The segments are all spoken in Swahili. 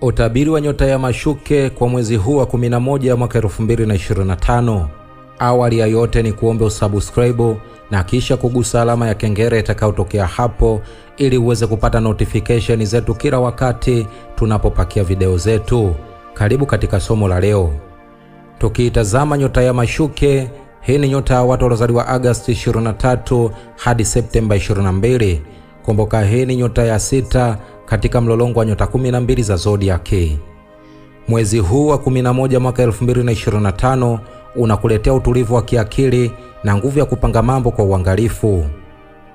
Utabiri wa nyota ya mashuke kwa mwezi huu wa 11 mwaka 2025. Awali ya yote ni kuombe usubscribe na kisha kugusa alama ya kengele itakayotokea hapo ili uweze kupata notification zetu kila wakati tunapopakia video zetu. Karibu katika somo la leo. Tukiitazama nyota ya mashuke, hii ni nyota ya watu waliozaliwa Agosti 23 hadi Septemba 22. Kumbuka hii ni nyota ya sita katika mlolongo wa nyota 12 za zodiaki. Mwezi huu wa 11 mwaka 2025 unakuletea utulivu wa kiakili na nguvu ya kupanga mambo kwa uangalifu.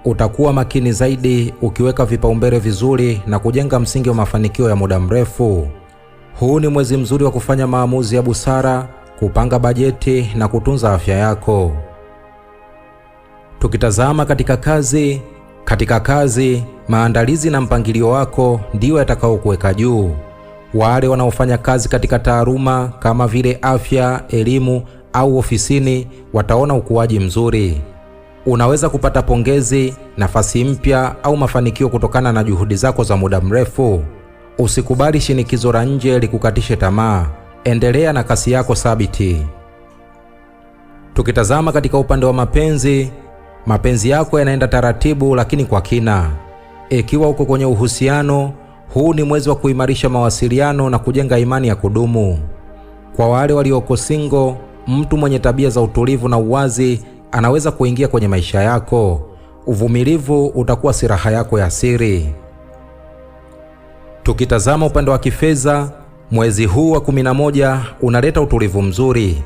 Utakuwa makini zaidi ukiweka vipaumbele vizuri na kujenga msingi wa mafanikio ya muda mrefu. Huu ni mwezi mzuri wa kufanya maamuzi ya busara, kupanga bajeti na kutunza afya yako. Tukitazama katika kazi, katika kazi maandalizi na mpangilio wako ndiyo yatakaokuweka juu. Wale wanaofanya kazi katika taaluma kama vile afya, elimu au ofisini wataona ukuaji mzuri. Unaweza kupata pongezi, nafasi mpya au mafanikio kutokana na juhudi zako za muda mrefu. Usikubali shinikizo la nje likukatishe tamaa. Endelea na kasi yako thabiti. Tukitazama katika upande wa mapenzi, mapenzi yako yanaenda taratibu lakini kwa kina ikiwa uko kwenye uhusiano, huu ni mwezi wa kuimarisha mawasiliano na kujenga imani ya kudumu. Kwa wale walioko single, mtu mwenye tabia za utulivu na uwazi anaweza kuingia kwenye maisha yako. Uvumilivu utakuwa silaha yako ya siri. Tukitazama upande wa kifedha, mwezi huu wa 11 unaleta utulivu mzuri.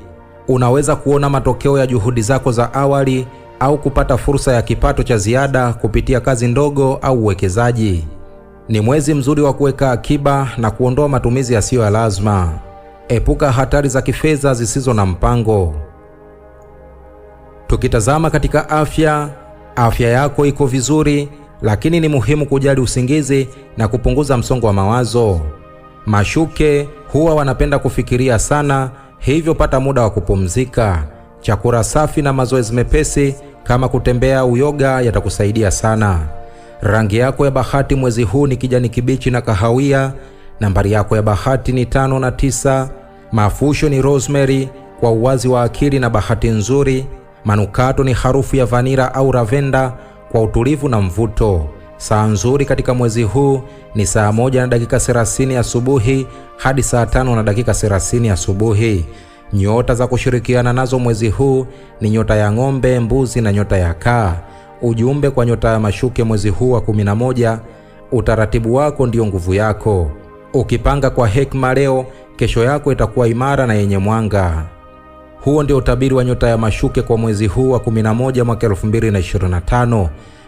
Unaweza kuona matokeo ya juhudi zako za awali au kupata fursa ya kipato cha ziada kupitia kazi ndogo au uwekezaji. Ni mwezi mzuri wa kuweka akiba na kuondoa matumizi yasiyo ya lazima. Epuka hatari za kifedha zisizo na mpango. Tukitazama katika afya, afya yako iko vizuri, lakini ni muhimu kujali usingizi na kupunguza msongo wa mawazo. Mashuke huwa wanapenda kufikiria sana, hivyo pata muda wa kupumzika. Chakula safi na mazoezi mepesi kama kutembea, uyoga yatakusaidia sana. Rangi yako ya bahati mwezi huu ni kijani kibichi na kahawia. Nambari yako ya bahati ni tano na tisa. Mafusho ni rosemary kwa uwazi wa akili na bahati nzuri. Manukato ni harufu ya vanira au ravenda kwa utulivu na mvuto. Saa nzuri katika mwezi huu ni saa moja na dakika 30 asubuhi hadi saa tano na dakika 30 asubuhi. Nyota za kushirikiana nazo mwezi huu ni nyota ya ng'ombe, mbuzi na nyota ya kaa. Ujumbe kwa nyota ya mashuke mwezi huu wa 11: utaratibu wako ndiyo nguvu yako. Ukipanga kwa hekima leo, kesho yako itakuwa imara na yenye mwanga. Huo ndio utabiri wa nyota ya mashuke kwa mwezi huu wa 11 mwaka 2025